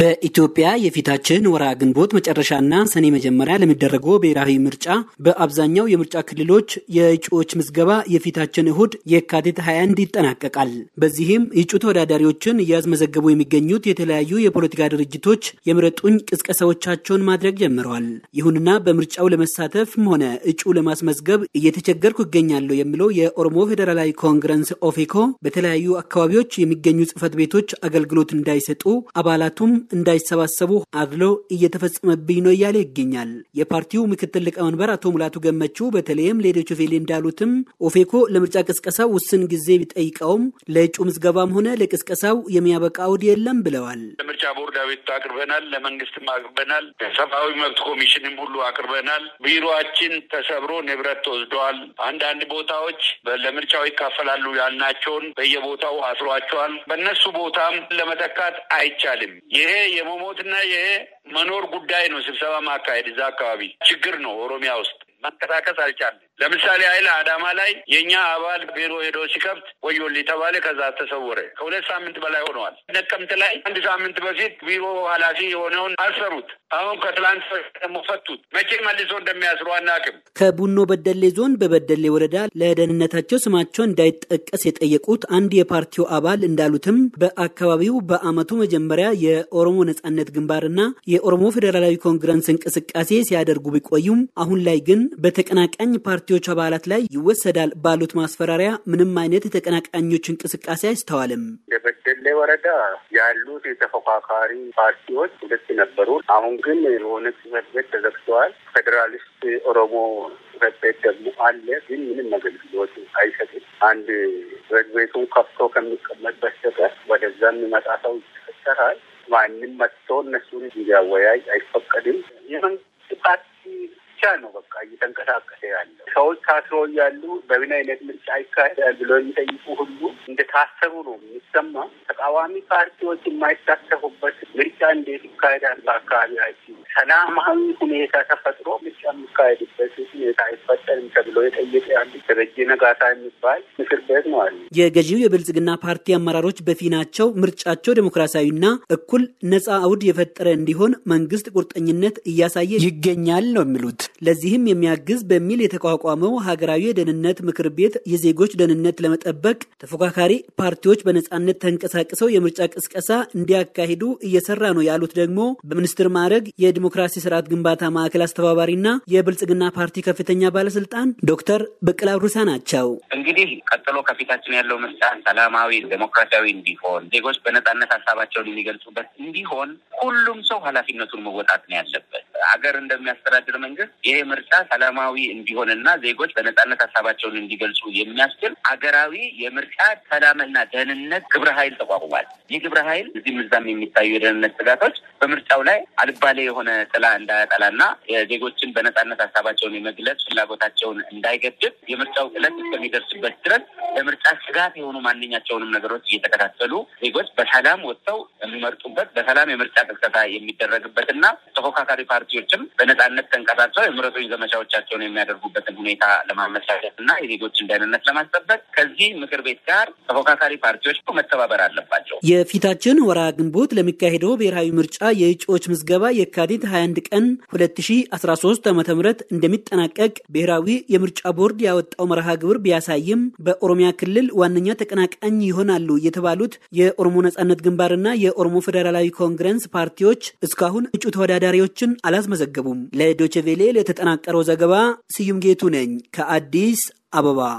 በኢትዮጵያ የፊታችን ወራ ግንቦት መጨረሻና ሰኔ መጀመሪያ ለሚደረገው ብሔራዊ ምርጫ በአብዛኛው የምርጫ ክልሎች የእጩዎች ምዝገባ የፊታችን እሁድ የካቲት 21 ይጠናቀቃል። በዚህም እጩ ተወዳዳሪዎችን እያስመዘገቡ የሚገኙት የተለያዩ የፖለቲካ ድርጅቶች የምረጡኝ ቅስቀሳዎቻቸውን ማድረግ ጀምረዋል። ይሁንና በምርጫው ለመሳተፍም ሆነ እጩ ለማስመዝገብ እየተቸገርኩ ይገኛለሁ የሚለው የኦሮሞ ፌዴራላዊ ኮንግረስ ኦፌኮ በተለያዩ አካባቢዎች የሚገኙ ጽህፈት ቤቶች አገልግሎት እንዳይሰጡ አባላቱም እንዳይሰባሰቡ አድሎ እየተፈጸመብኝ ነው እያለ ይገኛል። የፓርቲው ምክትል ሊቀመንበር አቶ ሙላቱ ገመቹ በተለይም ለዶይቼ ቬለ እንዳሉትም ኦፌኮ ለምርጫ ቅስቀሳ ውስን ጊዜ ቢጠይቀውም ለእጩ ምዝገባም ሆነ ለቅስቀሳው የሚያበቃ አውድ የለም ብለዋል። ለምርጫ ቦርድ አቤቱታ አቅርበናል፣ ለመንግስትም አቅርበናል፣ ሰብአዊ መብት ኮሚሽንም ሁሉ አቅርበናል። ቢሮችን ተሰብሮ ንብረት ተወስደዋል። አንዳንድ ቦታዎች ለምርጫው ይካፈላሉ ያልናቸውን በየቦታው አስሯቸዋል። በእነሱ ቦታም ለመተካት አይቻልም። ይህ ይሄ የመሞትና ይሄ መኖር ጉዳይ ነው። ስብሰባ ማካሄድ እዛ አካባቢ ችግር ነው። ኦሮሚያ ውስጥ መንቀሳቀስ አልቻለ። ለምሳሌ ኃይል አዳማ ላይ የእኛ አባል ቢሮ ሄዶ ሲከፍት ወዮል ተባለ። ከዛ ተሰወረ። ከሁለት ሳምንት በላይ ሆነዋል። ነቀምት ላይ አንድ ሳምንት በፊት ቢሮ ኃላፊ የሆነውን አሰሩት። አሁን ከትላንት ደግሞ ፈቱት። መቼ መልሶ እንደሚያስሩ አናውቅም። ከቡኖ በደሌ ዞን በበደሌ ወረዳ ለደህንነታቸው ስማቸው እንዳይጠቀስ የጠየቁት አንድ የፓርቲው አባል እንዳሉትም በአካባቢው በአመቱ መጀመሪያ የኦሮሞ ነጻነት ግንባርና የኦሮሞ ፌዴራላዊ ኮንግረንስ እንቅስቃሴ ሲያደርጉ ቢቆዩም አሁን ላይ ግን በተቀናቃኝ ፓርቲ ፓርቲዎች አባላት ላይ ይወሰዳል ባሉት ማስፈራሪያ ምንም አይነት የተቀናቃኞች እንቅስቃሴ አይስተዋልም። የበደሌ ወረዳ ያሉት የተፎካካሪ ፓርቲዎች ሁለት ነበሩ። አሁን ግን የሆነ ጽሕፈት ቤት ተዘግተዋል። ፌዴራሊስት ኦሮሞ ጽሕፈት ቤት ደግሞ አለ፣ ግን ምንም አገልግሎት አይሰጥም። አንድ ጽሕፈት ቤቱን ከፍቶ ከሚቀመጥ በስተቀር ወደዛ የሚመጣ ሰው ይፈጠራል። ማንም መጥቶ እነሱን እንዲያወያይ አይፈቀድም። ይህን ፓርቲ ብቻ ነው በቃ እየተንቀሳቀሰ ያለው። ሰዎች ታስሮ እያሉ በምን አይነት ምርጫ ይካሄዳል ብሎ የሚጠይቁ ሁሉ እንደታሰሩ ነው የሚሰማ። ተቃዋሚ ፓርቲዎች የማይሳተፉበት ምርጫ እንዴት ይካሄዳል? በአካባቢያችን ሰላማዊ ሁኔታ ተፈጥሮ ምርጫ የሚካሄድበት ሁኔታ አይፈጠርም ተብሎ የጠየቀ ያሉ ደረጀ ነጋሳ የሚባል ምክር ቤት ነው አሉ። የገዢው የብልጽግና ፓርቲ አመራሮች በፊናቸው ምርጫቸው ዴሞክራሲያዊና እኩል ነጻ አውድ የፈጠረ እንዲሆን መንግስት ቁርጠኝነት እያሳየ ይገኛል ነው የሚሉት። ለዚህም የሚያግዝ በሚል የተቋቋመው ሀገራዊ የደህንነት ምክር ቤት የዜጎች ደህንነት ለመጠበቅ ተፎካካሪ ፓርቲዎች በነጻነት ተንቀሳቅሰው የምርጫ ቅስቀሳ እንዲያካሂዱ እየሰራ ነው ያሉት ደግሞ በሚኒስትር ማዕረግ የዲሞክራሲ ስርዓት ግንባታ ማዕከል አስተባባሪና የብልጽግና ፓርቲ ከፍተኛ ባለስልጣን ዶክተር በቀላ ሩሳ ናቸው። እንግዲህ ቀጥሎ ከፊታችን ያለው ምርጫ ሰላማዊ፣ ዴሞክራሲያዊ እንዲሆን ዜጎች በነጻነት ሀሳባቸውን የሚገልጹበት እንዲሆን ሁሉም ሰው ኃላፊነቱን መወጣት ነው ያለበት። አገር እንደሚያስተዳድር መንግስት ይሄ ምርጫ ሰላማዊ እንዲሆንና ዜጎች በነጻነት ሀሳባቸውን እንዲገልጹ የሚያስችል አገራዊ የምርጫ ሰላምና ደህንነት ግብረ ኃይል ተቋቁሟል። ይህ ግብረ ኃይል እዚህም እዛም የሚታዩ የደህንነት ስጋቶች በምርጫው ላይ አልባሌ የሆነ ጥላ እንዳያጠላና የዜጎችን በነጻነት ሀሳባቸውን የመግለጽ ፍላጎታቸውን እንዳይገድብ የምርጫው ዕለት እስከሚደርስበት ድረስ ለምርጫ ስጋት የሆኑ ማንኛቸውንም ነገሮች እየተከታተሉ ዜጎች በሰላም ወጥተው የሚመርጡበት በሰላም የምርጫ ቅስቀሳ የሚደረግበትና ተፎካካሪ ፓርቲ ፓርቲዎችም በነጻነት ተንቀሳቅሰው የምረጡኝ ዘመቻዎቻቸውን የሚያደርጉበትን ሁኔታ ለማመቻቸት እና የዜጎችን ደህንነት ለማስጠበቅ ከዚህ ምክር ቤት ጋር ተፎካካሪ ፓርቲዎች መተባበር አለባቸው። የፊታችን ወርሃ ግንቦት ለሚካሄደው ብሔራዊ ምርጫ የእጩዎች ምዝገባ የካቲት 21 ቀን 2013 ዓ ም እንደሚጠናቀቅ ብሔራዊ የምርጫ ቦርድ ያወጣው መርሃ ግብር ቢያሳይም በኦሮሚያ ክልል ዋነኛ ተቀናቃኝ ይሆናሉ የተባሉት የኦሮሞ ነጻነት ግንባርና የኦሮሞ ፌዴራላዊ ኮንግረስ ፓርቲዎች እስካሁን እጩ ተወዳዳሪዎችን አላ አላስመዘገቡም። ለዶችቬሌ ለተጠናቀረው ዘገባ ስዩም ጌቱ ነኝ ከአዲስ አበባ